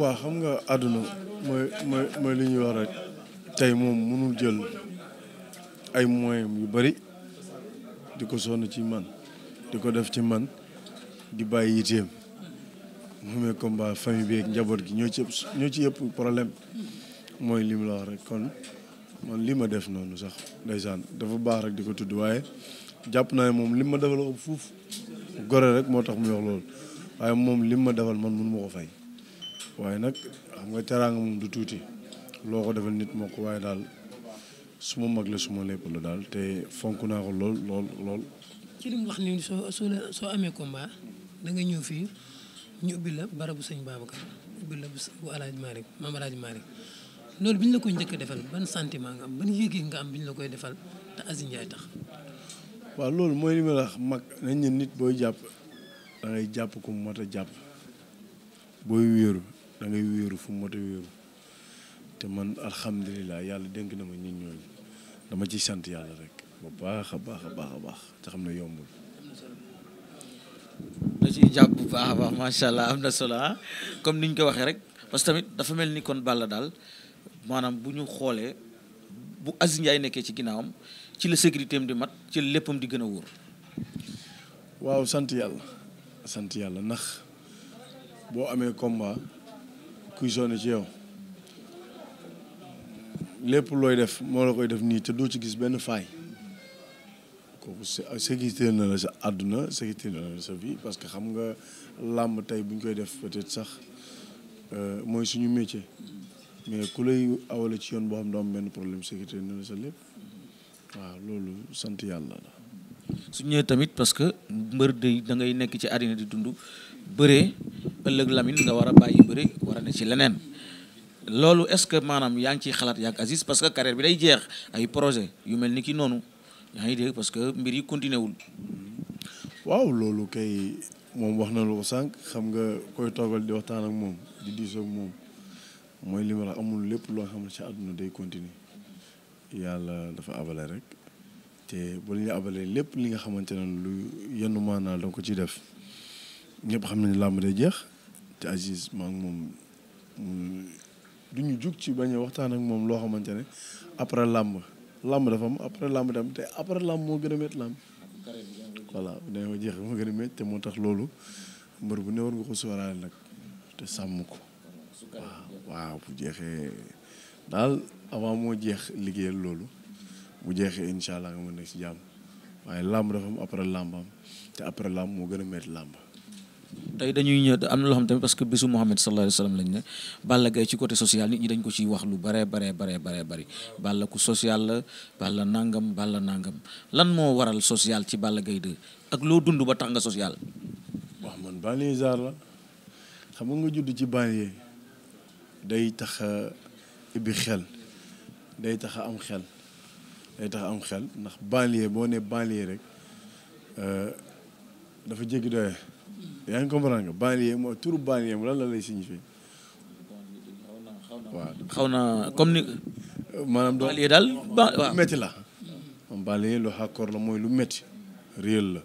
waaw xam nga àdduna mooy mooy li ñuy wax rek tey moom mënul jël ay moyens yu bari di ko sonn ci man di ko def ci man di bàyyi yiteem mu amee combat famille bi ak njaboot gi ñoo ci ëpp ñoo ci ëpp problème mooy li la wax rek kon man li ma def noonu sax ndeysaan dafa baax rek di ko tudd waaye jàpp naa ne moom li ma defal ko fuuf gore rek moo tax mu wax loolu waaye moom lim ma defal man mënu ma ko fay waaye nag xam nga teraanga moom du tuuti loo ko defal nit moo ko waaye daal suma mag la suma lépp la daal te fonk naa ko lool lool lool. ci li mu wax soo soo amee combat da nga ñëw fii ñu ubbi la barabu sëñ Babacar ubbi la bu alaaj Malick maam alaaj Malick loolu koy njëkk defal ban sentiment nga am ban yéegi nga am bi ñu la koy defal te Aziz Ndiaye tax. waaw loolu mooy li mag nañ ne nit booy jàpp. da ngay jàpp ku mot a jàpp booy wéeru da ngay wéeru fu mot a wéeru te man alhamdulilah yàlla dénk na ma ñun ñooñu dama ci sant yàlla rek bu baax a baax a baax a baax te xam ne yombul. da ciy jàpp bu baax a baax macha allah am na solo ah. comme ni ñu ko waxee rek parce que tamit dafa mel ni kon Balla daal maanaam bu ñu xoolee bu Aziz Ndiaye nekkee ci ginnaawam ci la sécurité am di mat ci léppam di gën a wóor. waaw sant yàlla. sant yàlla ndax boo amee combat kuy sonn ci yow lépp looy def moo la koy def nii te doo ci gis benn faay kooku sécurité na la sa àdduna sécurité na la sa vie parce que xam nga làmb tey bu koy def peut-être sax euh, mooy suñu métier mais ku lay awale ci yoon boo xam ne doo benn problème sécurité na la sa lépp waaw loolu sant yàlla la su ñëwee tamit parce que mbër day da nekk ci àddina di dund bëree ëllëg Lamine nga war a bàyyi bëre war a ne ci leneen loolu est-ce que maanaam yaa ngi ciy xalaat yaa ngi Aziz parce que carrière bi day jeex ay projet yu mel ni ki noonu yaa ngi dégg parce que mbir yi continué wul. waaw loolu kay moom wax na lu ko sànq xam nga koy toogal di waxtaan ak moom di diisoo moom mooy li ma amul lépp loo xam ne ci àdduna day continuer yàlla dafa avalé rek. te bu ñu abalee lépp li nga xamante ne lu yenn maanaa da ko ci def ñëpp xam nañu làmb day jeex te Aziz maa moom du ñu jug ci bañ waxtaan ak moom loo xamante ne après làmb làmb dafa am après làmb dem te après làmb moo gën a voilà dañoo jeex moo gën te moo tax loolu mbër bu ne war nga ko sóoraale nag te sàmm ko waaw waaw bu jeexee daal avant moo jeex liggéeyal loolu bu jeexee incha allah nga mën nekk si jàmm waaye làmb dafa am après làmbam te après làmb moo gën a métti làmb. tey dañuy ñëw am na loo xam tamit parce que bisu Mouhamed sallallahu alayhi wa sallam lañ ne Balla Gaye ci côté social nit ñi dañ ko ciy wax lu bare bare bare bare bëri Balla ku social la Balla nangam Balla nangam lan moo waral social ci Balla Gaye 2 ak loo dund ba tax nga social. waaw man banlieue jaar la xam nga nga judd ci banlieue day tax a ibbi xel day tax am xel. day tax am xel ndax banlieue boo ne banlieue rek euh, dafa jéggi doye yaa ngi comprendre nga banlieue mooy turu banlieue mu lan la lay signifier xaw na comme ni maanaam banlieue daal lu métti la am banlieue la mooy lu metti réel la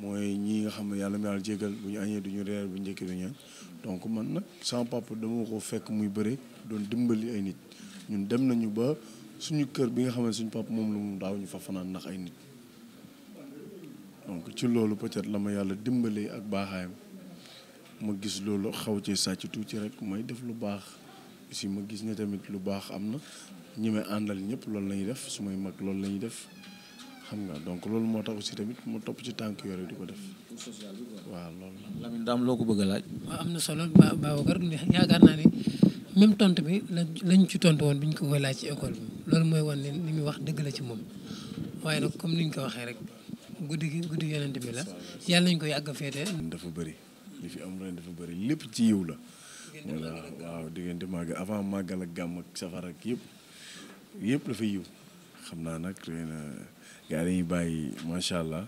mooy ñi nga xam ne yàlla mu yàlla jégal bu ñu añee duñu reer bu ñu njëkkee duñu añ donc man nag sama papa dama ko fekk muy bëre doon dimbali ay nit ñun dem nañu ba suñu kër bi nga xam ne suñu papa moom lu mu daaw ñu fa fanaan ndax ay nit donc ci loolu peut la ma yàlla dimbalee ak baaxaayam ma gis loolu xaw ci sàcc tuuti rek may def lu baax aussi ma gis ne tamit lu baax am na ñi àndal ñëpp loolu la ñuy def su may mag loolu la ñuy def xam nga donc loolu moo tax aussi tamit mu topp ci tànk yooyu di ko def. waaw loolu la. Lamine daam loo ko bëgg a laaj. waaw am na solo Babacar yaakaar naa ne même tontu bi lañ ci tontu woon loolu mooy wan ne li muy wax dëgg la ci moom waaye nag comme ni ñu ko waxee rek guddi gi guddi yonent bi la yàlla nañ koy yàgg féete dafa bari li fi am ren dafa bëri lépp ci yiw la waaw diggante màgg avant màggal ak gàmm ak safar ak yëpp yëpp dafa yiw xam naa nag xëy na gars yi bàyyi macha allah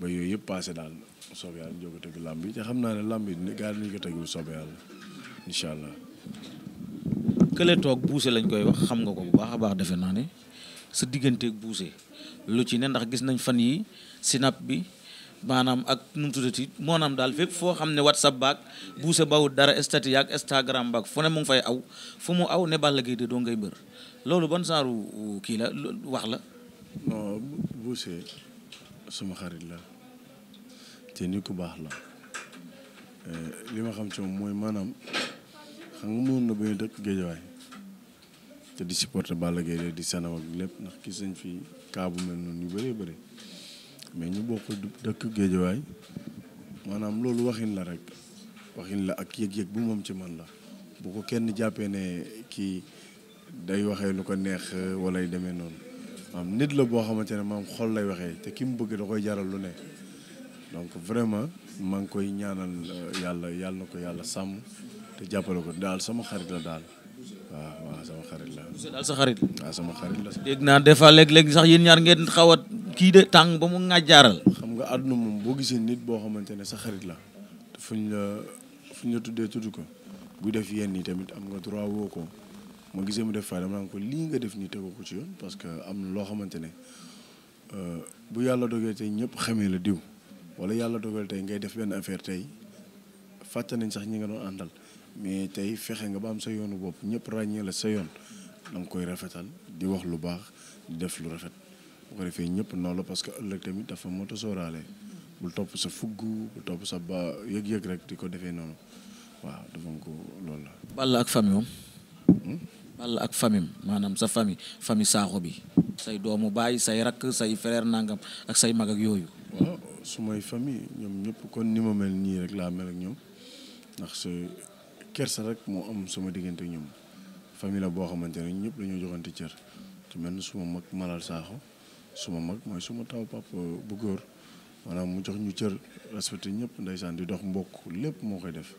ba yooyu yëpp passé daal soob yàlla ñu jóg a tëgg làmb te xam naa ne làmb yi gars yi dañu ko tëggul soob yàlla incha allah kële toog buuse lañ koy wax xam nga ko bu baax a baax defe naa ne sa digganteeg buuse lu ci ne ndax gis nañ fan yi sinap bi maanaam ak nu mu tuddati moonaam daal fépp foo xam ne whatsapp baak buuse bawut dara stati yaak instagram baak fu ne mu fay aw fu mu aw ne Balla Gaye ngay mbër loolu ban saaru kii la wax la non buuse suma xarit la te ni ku baax la euh, li ma xam ci mooy maanaam xam nga mënoon na bañ dëkk géejawaay te di supporter Balla Gaye di sanam lépp ndax gis nañ fi cas bu mel noonu yu bëree bëri mais ñu bokk dëkk géejawaay maanaam loolu waxin la rek waxin la ak yëg-yëg bu moom ci man la bu ko kenn jàppee ne kii day waxee lu ko neex euh, walay demee noonu maam nit la boo xamante ne maam xol lay waxee te ki mu bëggee da koy jaral lu ne donc vraiment maa ngi koy ñaanal euh, yàlla yàlla na ko yàlla sàmm te jàppale ko daal sama xarit la daal waaw waaw sama xarit la. sa xarit. waaw sama xarit la. dégg naa des fois léeg-léeg sax yéen ñaar ngeen xaw a kii de tàng ba mu ŋàjjaaral. xam nga àdduna moom boo gisee nit boo xamante ne sa xarit la te fuñ la fuñ tuddee tudd ko bu def yenn yi tamit am nga droit woo ko ma gisee mu def fay dama naan ko lii nga def nii tegu ko ci yoon parce que am na loo xamante ne euh, bu yàlla dogee te ñëpp xamee la diw. wala yàlla dogal tey ngay def benn affaire tey fàtte nañ sax ñi nga doon àndal mais tey fexe nga ba am sa yoonu bopp ñëpp ràññee la sa yoon da nga koy rafetal di wax lu baax di def lu rafet bu ko defee ñëpp noonu la parce que ëllëg tamit dafa moto sóoraale bul topp sa fugg bul sa ba yëg-yëg rek di ko defee noonu waaw loolu la. Balla ak famille moom. Hmm? Balla ak famille maanaam sa famille famille Sakho bi. say doomu baay say rakk say frère nàngam ak say mag ak yooyu. su may famille ñoom ñëpp kon ni ma mel nii rek laa mel ak ñoom ndax su kersa rek moo am sama diggante ñoom famille la boo xamante ne ñëpp dañoo joxante cër ci mel ni suma mag Malal Sakho suma mag mooy suma taw bu góor maanaam mu jox ñu cër respecté ñëpp ndeysaan di dox mbokk lépp moo koy def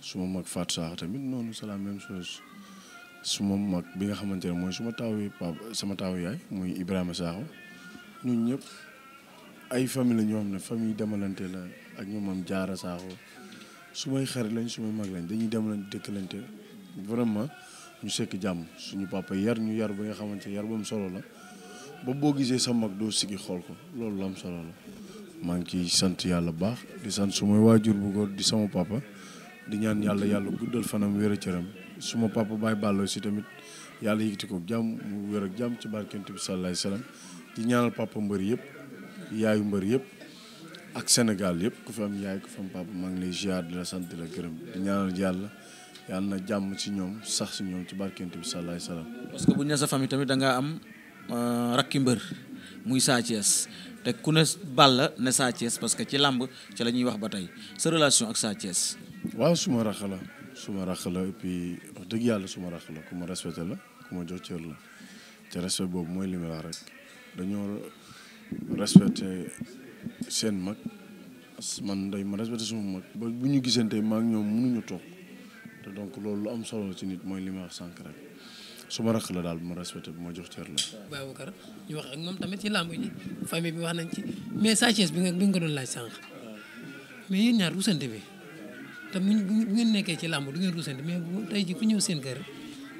suma mag Fatou Sakho tamit noonu c'est la même chose suma mag bi nga xamante ne mooy suma taaw yi sama taaw yaay muy Ibrahima Sakho ñun ñëpp. ay famille la ñoo xam ne famille demalante la ak ñoom am jaara saaxo su may xarit lañ su may mag lañ dañuy demalante dëkkalante vraiment ñu sekk jàmm suñu papa yar ñu yar ba nga xamante yar ba mu solo la ba boo gisee sa mag doo sigi xool ko loolu la am solo la maa ngi ciy sant yàlla baax di sant sumay waajur bu góor di sama papa di ñaan yàlla yàlla guddal fanam wér a cëram suma papa Baye Ballo si tamit yàlla ti ko jàmm mu wér ak jàmm ci barkent bi sallallahu alayhi wasallam di ñaanal papa mbër yëpp yaayu mbër yëpp ak Sénégal yëpp ku fi am yaay ku fi am papa maa ngi lay ziar di la sant di la gërëm di ñaanal yàlla yàlla na jàmm ci ñoom sax ci ñoom ci barkent bi salaay salaam. parce que bu ñu sa famille tamit danga am euh, rakki mbër muy Sa Thiès te ku ne Balla ne Sa Thiès parce que ci làmb ci la ñuy wax ba tey sa relation ak Sa Thiès. waaw suma rax la suma rax la et puis wax dëgg yàlla suma rax la ku ma la ku ma jox cër la te respect boobu mooy li ma wax rek respecté seen mag man ndey ma respecté suma mag ba bu ñu gisante maa ngi ñoom mënuñu toog te donc loolu lu am solo ci nit mooy li ma wax rek su ma rakk la daal bu ma respecté bu ma jox cër la. kar ñu wax ak moom tamit ci làmb ji famille bi wax nañ ci mais Sa Thiès bi nga bi nga doon laaj sànq mais yéen ñaar ruusante bi te bu ngeen nekkee ci làmb du ngeen ruusante mais tey ji ku ñëw seen kër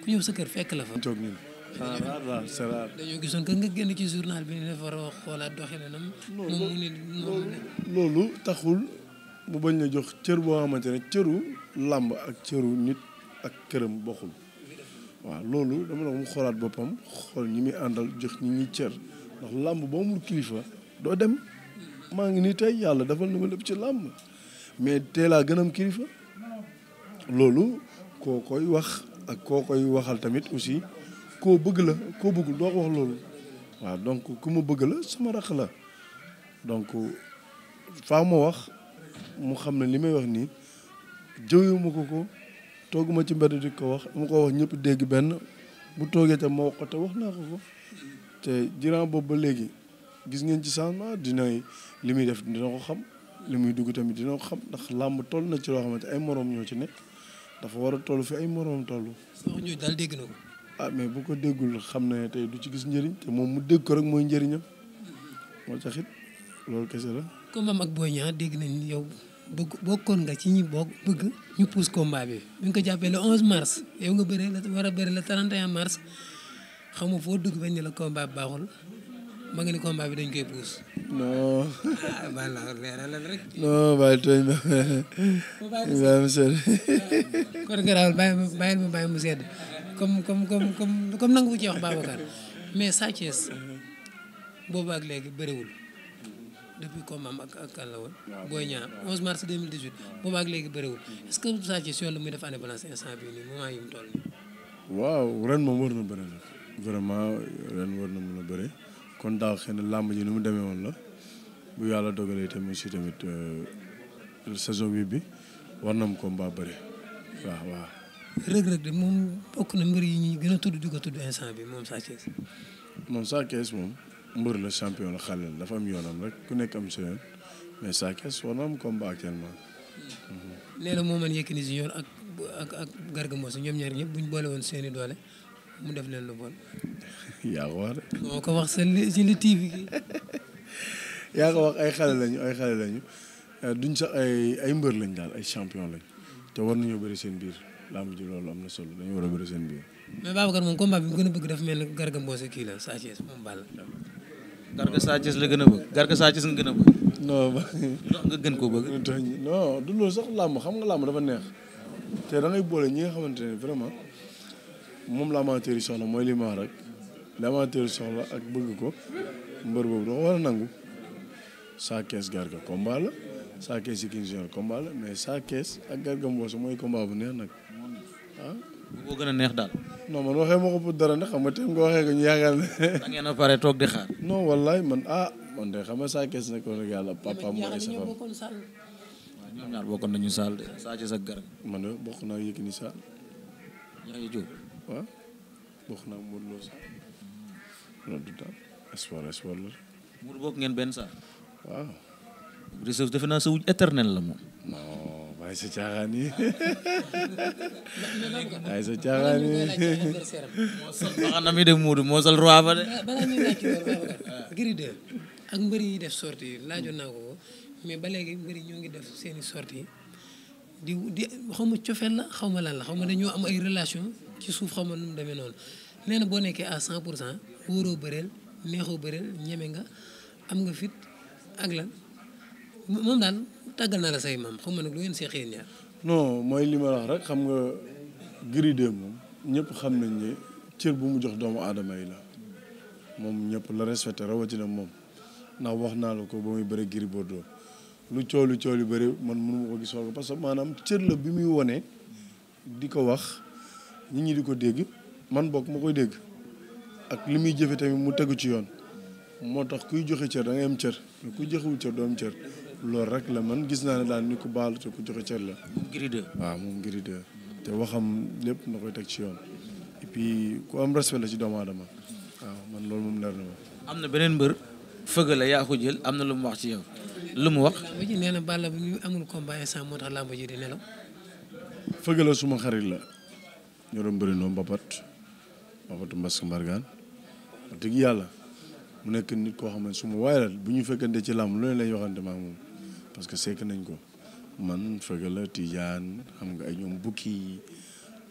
ku ñëw sa kër fekk la fa. toog ñun. ah raar raar c'est raar. dañoo gisoon que nga génn ci journal bi ne dafa war a xoolaat doxalinam. loolu taxul mu bañ la jox cër boo xamante ne cëru làmb ak cëru nit ak këram bokkul waaw loolu dama la mu xoolaat boppam xool ñi muy àndal jox ñi ñuy cër ndax làmb boo amul kilifa doo dem maa ngi nii tey yàlla defal na ma lépp ci làmb mais teel a gën kilifa loolu koo koy wax ak koo koy waxal tamit aussi. koo bëgg la koo bëggul doo ko wax loolu waaw donc ku ma bëgg la sama rax la donc faa ma wax mu xam ne li may wax nii jëwyuma ko ko tooguma ci mbedd di ko wax mu ko wax ñépp dégg benn bu toogee tam ma wax te wax naa ko te jiraan boobu ba léegi gis ngeen ci changement dina li muy def dina ko xam li muy dugg tamit dina ko xam ndax làmb toll na ci loo xamante ay moroom ñoo ci nekk dafa war a tollu fi ay moroom toll. soo ñëwee daal dégg na ah mais bu ko déggul xam na tey du ci gis njëriñ te moom mu dégg ko rek mooy njëriñam moo taxit loolu kese la. combat ak Boy Niang dégg nañ yow bëgg bokkoon nga ci ñi bokk bëgg ñu pousse combat bi bi nga ko jàppee le 11 mars yow nga bëre la war a bëre le 31 mars xam nga foo dugg bañ la combat bi baaxul ma nga ni combat bi dañ koy pousse. non. ah baal naa rek. non bàyyi tooñ ma. bàyyi mu sedd. Ah, kon mu sedd. comme comme comme comme comme nangu bu ci wax Babacar mais Sa Thiès boobu ak léegi bëriwul depuis combat am ak ak kan la woon. Boy Niang 11 mars 2018 boobu ak léegi bëriwul est-ce que Sa Thiès yoon la muy def année balance instant bii nii moment yi mu toll nii. waaw ren moom war na bëri nag vraiment ren war na mën a bëri kon daal xëy làmb ji ni mu demee woon la bu yàlla dogalee tamit si tamit euh, saison bi bi war na mu combat bëri waaw waaw. rëg-rëg de moom bokk na mbër yi ñu gën a tudd di ko tudd instant bi moom Sa Thiès. moom Sa Thiès moom mbër la champion la xale dafa am yoonam rek ku nekk am seen mais Sa Thiès am combat actuellement. Mm-hmm. nee na moo man Yékini Junior ak ak ak Garga Mbossé ñoom ñaar ñëpp bu ñu boole woon seeni doole mu def leen lu bon. yaa ko seen si li TV ay xale lañu ay xale lañu euh, duñ sax ay ay mbër lañ daal ay champion lañ te war nañoo bëri seen biir. lamb ji loolu am na solo dañu war a bëri seen biir. mais Babacar moom combat bi mu gën a bëgg dafa mel ni Garga Mbossé kii la Sa Thiès moom Balla. Garga Sa Thiès la gën a bëgg Garga Sa Thiès nga gën a bëgg. non nga gën koo bëgg. non du loolu sax làmb xam nga làmb dafa neex te da ngay boole ñi nga xamante ne vraiment moom la amateur yi soxla mooy li ma rek la amateur yi soxla ak bëgg ko mbër boobu dafa war a nangu Sa Thiès Garga combat la Sa Thiès Yékini Junior combat la mais Sa Thiès ak Garga Mbossé mooy combat bu neex nag. boo gën a neex daal. non man waxee ma ko dara ne xam nga tey nga waxee ko ñu yaakaar ne. da ngeen a pare toog di xaar. non wallaay man ah man de xam a saa kees nekkoon ak yàlla papa moo di safam. ñaar bokkoon nañu saal de saa ci sa garab. man de bokk naa Yékini saal. yaa ngi jóg. waaw bokk naa Modou Lo saal. loolu du daal espoir espoir la. Modou bokk ngeen benn saal. waaw. Brise defe naa sa wuj éternel la moom. waaye sa caaxaan yi waaye sa caaxaan moo sol roi de balaa ak mbëri yi def sorti laajo laajoon naa ko ko mais ba léegi mbëri ñoo ngi def seeni sorti di di xaw ma cofeel la xaw ma lan la xaw ma dañoo am ay relation ci suuf xaw ma nu mu demee noonu nee na boo nekkee à 100 pour cent wóoroo bëreel neexoo bëreel ñeme nga am nga fit ak lan moom daal tàggal naa la say maam xaw ma nag lu ngeen seexee ñaar. non mooy li ma wax rek xam nga Gris 2 moom ñëpp xam nañ ne cër bu mu jox doomu aadama yi la moom ñëpp la respecté rawatina moom ndax wax naa la ko ba muy bëri Gris Bordeaux lu coow lu coow lu bëri man mënu ma ko gisoo ko parce que maanaam cër la bi muy wone di ko wax nit ñi di ko dégg man bokk ma koy dégg ak li muy jëfe tamit mu tegu ci yoon moo tax kuy joxe cër da am cër kuy joxewul cër doo cër loolu rek la man gis naa ne daal ni ku baalu te ku joxe cër la. moom Gris 2 waaw moom Gris te waxam lépp na koy teg ci yoon et puis ku respect la ci doomu aadama waaw man loolu moom leer na ma. am na beneen mbër fëgg yaa ko jël am na lu mu wax ci yow mu wax. làmb na Balla bu ñu amul moo tax làmb ji di nelaw. la suma xarit la ñoo doon bëri noonu Mbapat Mbapatu Mbass Mbargane wax dëgg mu nekk nit koo xam ne suma waaye la bu ñu fekkante ci làmb lu ne lay waxante maa moom. parce que sekk nañ ko man fëgga la Tidiane xam nga ay ñoom bukki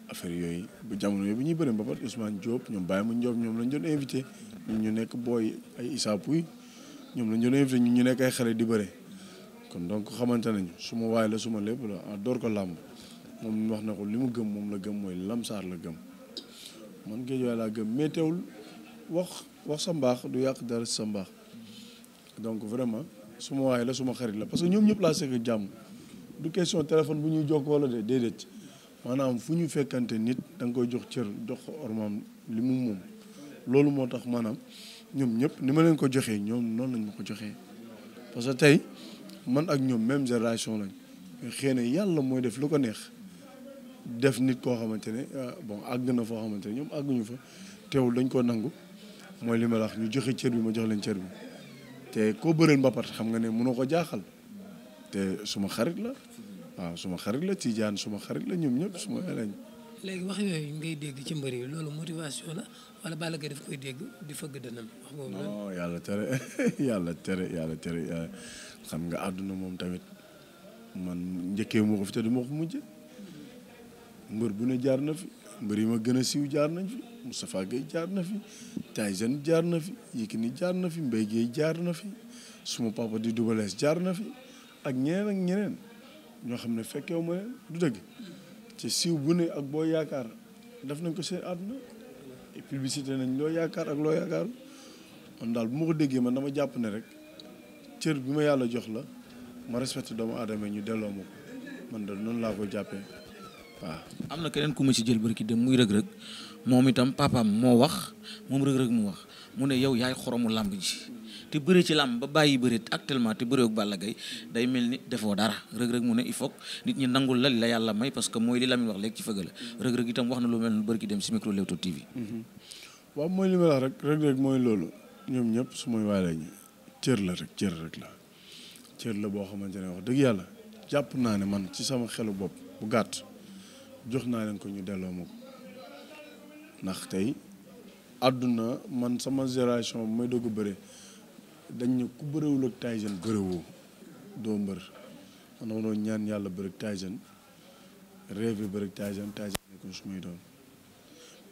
affaire yooyu bu jamono yooyu bu ñuy bëri ba pare Ousmane Diop ñoom Baye mu Diop ñoom lañ doon invité ñun ñu nekk booy ay Issa Pouye ñoom lañ doon invité ñu nekk ay xale di bëre kon donc xamante nañu suma waay la suma lépp la ah door ko làmb moom wax na ko li mu gëm moom la gëm mooy lamsaar la gëm man géej waay laa gëm mais wax wax sa mbaax du yàq dara sa mbaax donc vraiment. suma waay la suma xarit la parce que ñoom ñëpp laa seq jàmm du question téléphone bu ñuy jokkoo la de déedéet maanaam fu ñu fekkante nit da koy jox cër dox ko ormaam li mu moom loolu moo tax maanaam ñoom ñëpp ni ma leen ko joxee ñoom noonu lañ ma ko joxee parce que tey man ak ñoom même génération lañ xëy na yàlla mooy def lu ko neex def nit koo xamante ne ah, bon àgg na foo xamante ne ñoom àgguñu fa teewul dañ koo nangu mooy li ma la ñu joxe cër bi ma jox leen cër te koo bëreel mbapat xam nga ne mënoo ko jaaxal te suma xarit la waaw suma xarit la tiijaan suma xarit la ñoom ñëpp suma lañ. léegi wax yooyu ngay dégg ci mbër yi loolu motivation la wala Balla Gaye daf koy dégg di fëgg dënam wax boobu non yàlla tere yàlla tere yàlla tere xam nga àdduna moom tamit man njëkkee moo ko fi te du ko mujj mbër bu ne jaar na fi. mbër yi ma gën a siiw jaar nañ fi Moustapha Gueye jaar na fi Tyson jaar na fi Yékini jaar na fi Mbaye Gueye jaar na fi suma papa di dubalees jaar na fi ak ñeneen ak ñeneen ñoo xam ne fekkew ma leen du dëgg ci siiw bu ne ak boo yaakaar def nañ ko seen àdduna et publicité nañ loo yaakaar ak loo yaakaar man daal bu ma ko déggee man dama jàpp ne rek cër bi ma yàlla jox la ma respecté doomu aadama ñu delloo ma ko man da noonu laa ko jàppee waaw am na keneen ku ma ci jël barki dem muy rëg-rëg moom itam papaam moo wax moom rëg-rëg mu wax mu ne yow yaay xoromu làmb ji te bëre ci làmb ba bàyyi bëre actuellement te bëreewu Balla Gaye day mel ni defoo dara rëg-rëg mu ne il faut nit ñi nangul la la yàlla may parce que mooy li Lamine wax léegi ci fëgg la rëg wax na lu mel ni barki dem ci micro Leewtoo TV. Mhm. waaw mooy li ma rek rëg mooy loolu ñoom ñëpp su may waalee ñi cër la rek cër rek la cër la boo xamante ne wax dëgg yàlla jàpp naa ne man ci sama xelu bopp bu gàtt jox naa leen ko ñu delloo ma ko ndax tey àdduna man sama génération may dogg bëre dañ ne ku bërewul ak Tyson bëréwoo doo mbër man dama ñaan yàlla bëre ak Tyson rêve bi bëre ak Tyson Tyson nekkoon su may doon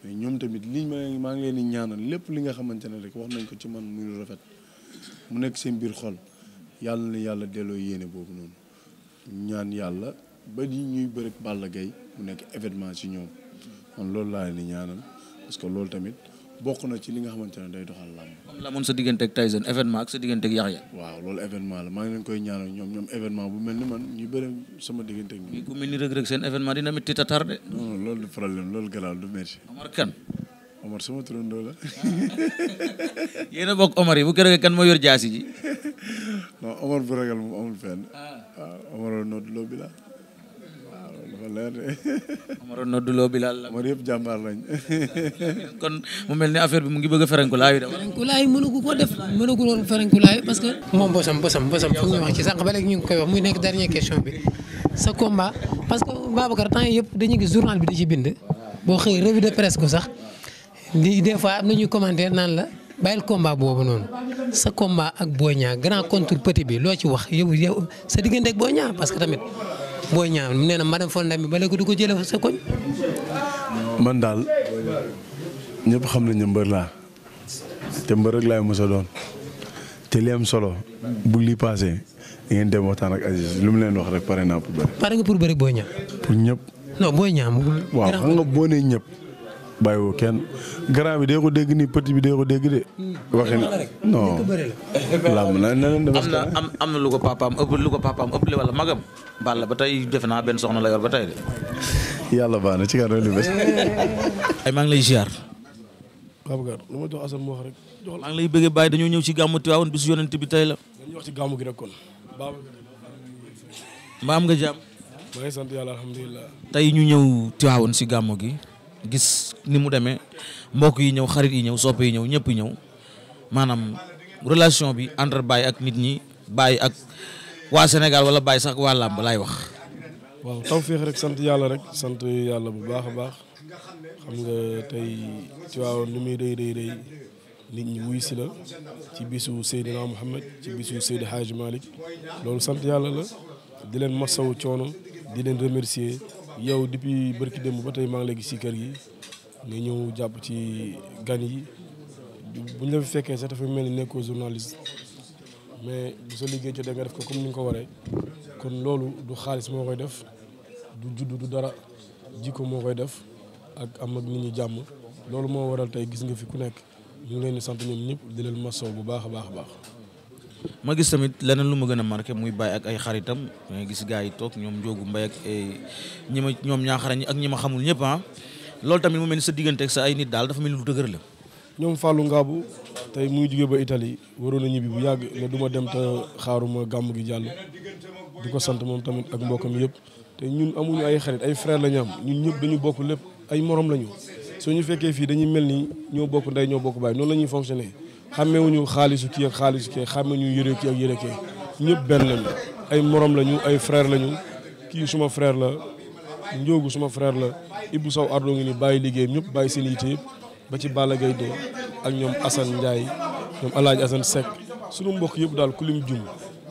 mais ñoom tamit liñ ma maa ngi leen ñaanal lépp li nga xamante ne rek wax nañ ko ci man muy lu rafet mu nekk seen biir xol yàlla na yàlla delloo yéene boobu noonu ñaan yàlla ba ni ñuy bëri Balla Gaye mu nekk événement ci ñoom kon loolu laa ni ñaanal parce que loolu tamit bokk na ci li nga xamante ne day doxal làmb. comme la amoon sa diggante ak Tyson événement ak sa diggante ak Yaxya. waaw loolu événement la maa ngi leen koy ñaanal ñoom ñoom événement bu mel ni man ñu bëri sama diggante ak ñoom. ku mel ni rëgg-rëgg seen événement dina métti tatar de. non loolu du problème lool galaal du métti. Omar kan. Omar sama turandoo la. yéen a bokk Omar yi bu gërëgee kan moo yor jaasi ji. non Omar bu ragal moom amul fenn. Ah. Ah, loo bi la. dafa leer Omar nodduloo Bilal la Omar yëpp jàmbaar lañ kon mu mel ni affaire bi mu ngi bëgg a ferenkulaayu dama ferenkulaayu mënugu ko def mënugu loon ferenkulaayu parce que ñu wax ci sànq ba léegi ngi koy wax muy nekk dernière question bi sa combat parce que Babacar temps yëpp dañuy gis journal bi di ci bind boo xëy revue de presse ko sax di des fois am na ñuy commenter naan la bàyyil combat boobu noonu sa combat ak Boy Niang grand contre petit bi loo ci wax yow yow sa diggante ak Boy que tamit booy ñaar nee na ma dem foofu ndam bi bala ko du ko jëlee fa sa koñ. man daal ñëpp xam nañu mbër laa te mbër rek laay mos doon te li am solo bu lii paasee ngeen dem waxtaan ak Aziz lu mu leen wax rek pare naa pour bëri. pare nga pour bari booy ñaar. pour ñëpp. non booy ñaar waaw xam nga boo nee ñëpp. bàyyiwoo kenn grand bi dee ko dégg nii petit bi dee ko dégg de. Hmm. waxi am na am na lu ko papaam ëpp lu ko papaam ëppale wala magam. Balla ba tey defe naa benn soxna la yor ba tey yàlla baax na ci kanam li bés. ay maa ngi lay ziar. Babacar lu rek. jox maa ngi lay bëggee dañoo ñëw ci gàmmu Tiwaawan bisu yonent bi tey la. dañuy wax ci gàmmu gi rek kon. mbaa am nga jàmm. maa ngi sant yàlla alhamdulilah. tey ñu ñëw Tiwaawan si gàmmu gi. gis ni mu demee mbokk yi ñëw xarit yi ñëw soppe yi ñëw ñëpp ñëw maanaam relation bi entre Baye ak nit ñi Baye ak waa Sénégal wala Baye sax waa làmb laay wax. waaw tawféex rek sant yàlla rek sant yàlla bu baax a baax xam nga tey ci waaw li muy rëy rëy rëy nit ñi wuy si la ci bisu Seydina Mouhamed ci bisu Seydi Hadj Malick loolu sant yàlla la di leen masawu coono di leen remercier. yow depuis bërki démb ba tey maa ngi léegi si kër yi nga ñëw jàpp ci gan yi bu ñu la fekkee sax dafa mel ni nekkoo journaliste mais bu sa liggéey jotee nga def ko comme ni nga ko waree kon loolu du xaalis moo koy def du juddu du dara jikko moo koy def ak am ak nit ñi jàmm loolu moo waral tey gis nga fi ku nekk ñu ngi leen di sant ñoom ñëpp di leen masoo bu baax a baax a baax. ma gis tamit leneen lu ma gën a marqué muy Baye ak ay xaritam ma gis gars yi toog ñoom Njóogu Mbaye ak eh, ñi ma ñoom ñaaxarañ ak ñi ma xamul ñëpp ah loolu tamit mu mel ni sa diggante sa ay nit daal dafa mel ni lu dëgër la. ñoom Fallou Ngabou tey mu ngi jóge ba Italie waroon na ñibbi bu yàgg du ma dem te xaaruma gàmm gi jàll di ko sant moom tamit ak mbokkam yëpp te ñun amuñu ay xarit ay frère la ñu am ñun ñëpp dañu bokk lépp ay morom la ñu soo ñu fekkee fii dañuy mel ni ñoo bokk ndey ñoo bokk baay noonu la ñuy fonctionner xàmmewuñu xaalisu kii ak xaalisu kii xàmmewuñu yére kii ak yëre kii ñëpp benn lañu ay morom lañu ay frère lañu kii suma frère la Ndiogu suma frère la Ibou Sow Ardo ngi ni bàyyi liggéeyam ñëpp bàyyi seen yitte yëpp ba ci Balla Gaye 2 ak ñoom Assane Ndiaye ñoom El Hadj Assane sunu mbokk yëpp daal ku lim jum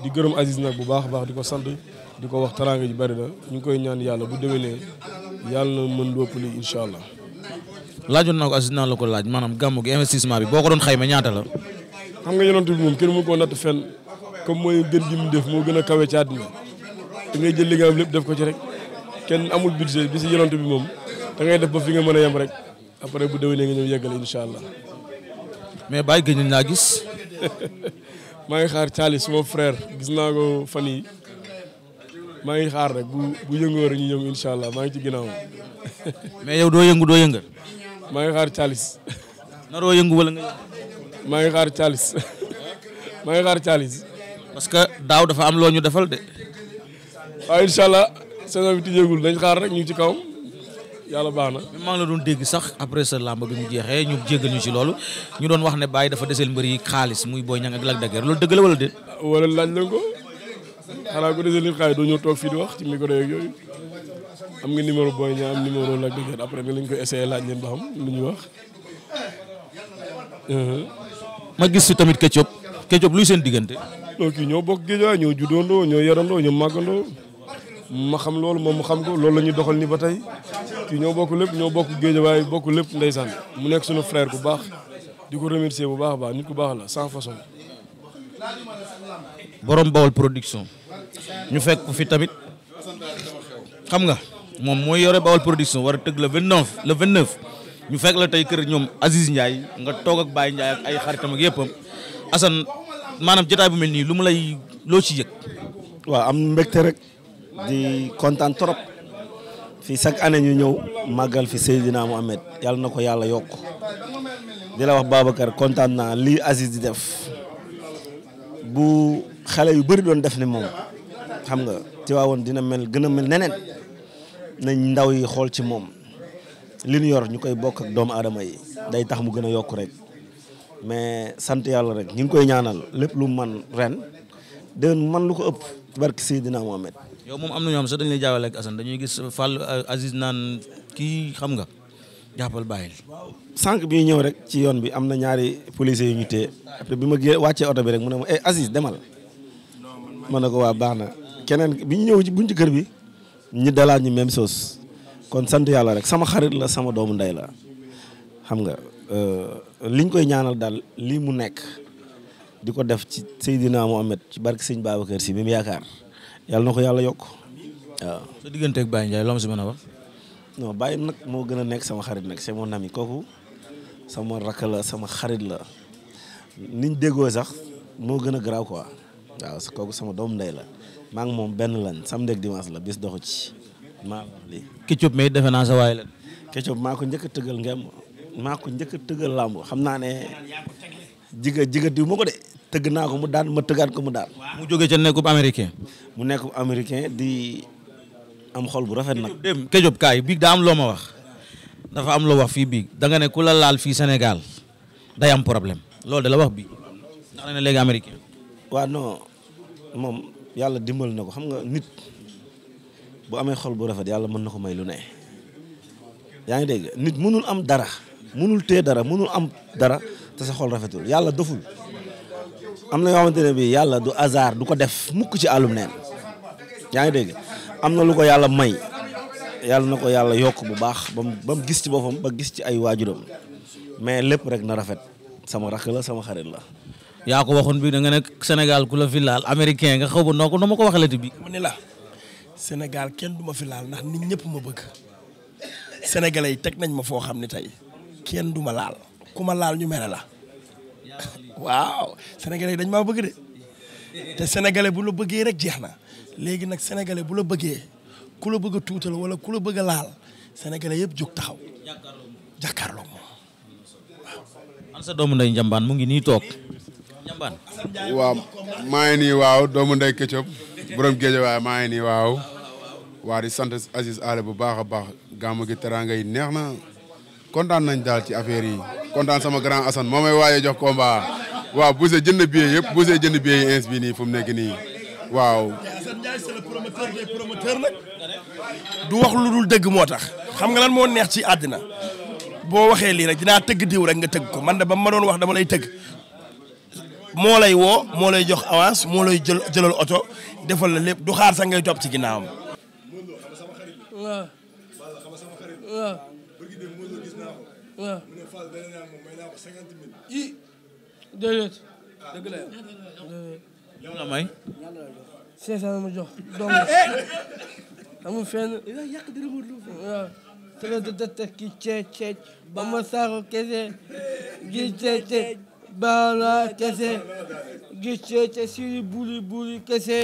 di gërëm Aziz nag bu baax a baax di ko sant di ko wax taraanga ji bari na ñu ngi koy ñaan yàlla bu demee nee yàlla na mën lu ëpp lii incha allah. laajoon naa ko as naa la ko laaj maanaam gàmmu gi investissement bi boo ko doon xayma ñaata la. xam nga yonent bi moom kenn mu ko natt fenn comme mooy gën gi mu def moo gën a kawe ci àddina da ngay jël li nga am def ko ci rek kenn amul budget bi si bi moom da ngay def ba fi nga mën a yem rek après bu déwénee nga ñëw yeggale incha allah. mais bàyyi gëj nañ laa gis. maa ngi xaar Thialy suma frère gis naa ko fan yi maa ngi xaar rek bu bu yëngoo rek ñu ñëw incha allah maa ngi ci ginnaaw mais yow doo yëngu doo yëngal. maa ngi xaar xaalis. naroo yëngu wala nga maa ngi xaar xaalis maa ngi xaar xaalis. parce que daaw dafa am loo ñu defal de. waaw incha allah saison bi tijjeegul xaar rek ñu ci kaw la baax na. maa ngi la doon dégg sax après sa làmb bi mu jeexee ñu jéggal ñu si loolu ñu doon wax ne baay dafa deseel mbër yi xaalis muy Boy Niang ak Lac de Guiers loolu dëgg la wala déet. wala laaj lañ ko ko deseel nit doo ñu toog fii di wax ci micro yeeg yooyu. am nga numéro Boy Niang am numéro Lac de Guiers après nga lañ koy essayé laaj leen ba xam lu ñu wax. Uh-huh. ma gis si tamit Ketchup Ketchup luy seen diggante. loolu kii ñoo bokk géej waay ñoo juddoondoo ñoo yarandoo ñoo màggandoo ma xam loolu moom mu xam ko loolu la ñuy doxal ni ba tey kii ñoo bokk lépp ñoo bokk géej waaye bokk lépp ndeysaan mu nekk suñu frère bu baax di ko remercier bu baax a baax nit ku baax la sans façon. borom Bawol production ñu fekk fi tamit. xam nga moom mooy yore Baol production war a tëgg le 29 le 29 ñu fekk la tey kër ñoom Aziz Ndiaye nga toog ak Baye Ndiaye ay xaritam ak yëppam Assane maanaam jotaay bu mel nii lu mu lay loo ci yëg. waaw am mbégte rek di kontaan trop fii chaque année ñu ñëw màggal fi Seydina Mohamed yàlla na ko yàlla yokk dina wax Babacar kontaan naa lii Aziz di def bu xale yu bëri doon def ne moom xam nga Tiwaawoon dina mel gën a mel neneen. nañ ndaw yi xool ci moom li ñu yor ñu koy bokk ak doomu aadama yi day tax mu gën a yokk rek mais sant yàlla rek ñu ngi koy ñaanal lépp lu man ren de man lu ko ëpp barki Seydina Mohamed. yow moom am na ñoo sax dañu lay jaawale dañuy gis Fall Aziz naan kii xam nga jàppal bàyyil. sànq bi ñëw rek ci yoon bi am na ñaari policiers yu ñu téye après bi ma gée wàccee oto bi rek mu ne ma eh Aziz demal ma ne ko waa baax na keneen bi ñu ñëw ci buñ ci kër bi. ñi dalaat ñu même chose kon sant yàlla rek sama xarit la sama doomu ndey la xam nga euh, liñ koy ñaanal daal lii mu nekk di ko def ci Seydina Mohamed ci barke sëñ Babacar si bi mu yaakaar yàlla na ko yàlla yokk waaw. sa loo ma si mën a wax. nag moo gën a nekk sama xarit nag c'est mon ami kooku sama rakk la sama xarit la niñ déggoo sax moo gën a garaaw quoi waaw kooku sama doomu ndey la. maa ngi moom benn lañ samedi ak dimanche la bis doxu ci maa wax defe naa sa waay la. Ketchup maa ko njëkk a tëggal ngem maa ko njëkk a tëggal làmb xam naa ne jiga jiga diw ma ko de tëgg naa ko mu daan ma tëggaat ko mu daan. mu jógee ca nekkub américain. mu nekkub américain di am xol bu rafet nag. dem Ketchup kaay biig daa am loo ma wax dafa am loo wax fii biig danga nga ne ku la laal fii senegal day am problème loolu da la wax biig ndax ne léegi américain. yàlla dimbal na ko xam nga nit bu amee xol bu rafet yàlla mën na ko may lu ne yaa ngi dégg nit mënul am dara mënul téye dara mënul am dara te sa xol rafetul yàlla doful am na yoo xamante bi yàlla du hasard du ko def mukk ci àllum neen yaa ngi dégg am na lu ko yàlla may yàlla na ko yàlla yokk bu baax ba mu ba gis ci boppam ba gis ci ay waajuram mais lépp rek na rafet sama rakk la sama xarit la yaa ko waxoon bi da nga ne Sénégal ku la fi laal américain nga xaw ba noo ko noo ma ko waxalati bi mu ne la Sénégal kenn du ma fi laal ndax nit ñëpp ma bëgg sénégalais yi teg nañ ma foo xam ne tey kenn du ma laal ku ma laal ñu mere la waaw sénégalais dañ ma bëgg de te sénégalais bu bëggee rek jeex na léegi nag sénégalais bu la bëggee ku la bëgg a tuutal wala ku la bëgg laal sénégalais yëpp jóg taxaw jàkkaarloo moom waaw. an sa njambaan mu ngi nii toog. waaw maa ngi nii waaw doomu ndey Ketchup borom géej waaye maa ngi nii waaw. waa di sant Aziz Allé bu baax a baax gàmm gi teraanga yi neex na kontaan nañ daal ci affaire yi kontaan sama grand Assane moo may waaye jox combat waaw bu see jënd billet yëpp bu see jënd billet yi ins bi nii fu mu nekk nii waaw. du wax lu dul dëgg moo tax xam nga lan moo neex ci àddina boo waxee lii rek dinaa tëgg diw rek nga tëgg ko man de ba ma doon wax dama lay tëgg moo lay woo moo lay jox avance moo lay jël jëlal oto defal la lépp du xaar sax ngay topp ci ginnaawam. déedéet dëgg la yow la may. cinq cent ma jox dong amul fenn waaw te te te ki ceec ceec ba ma saako kese gi ceec ceec baala kese gis ca ca siri buli buli kese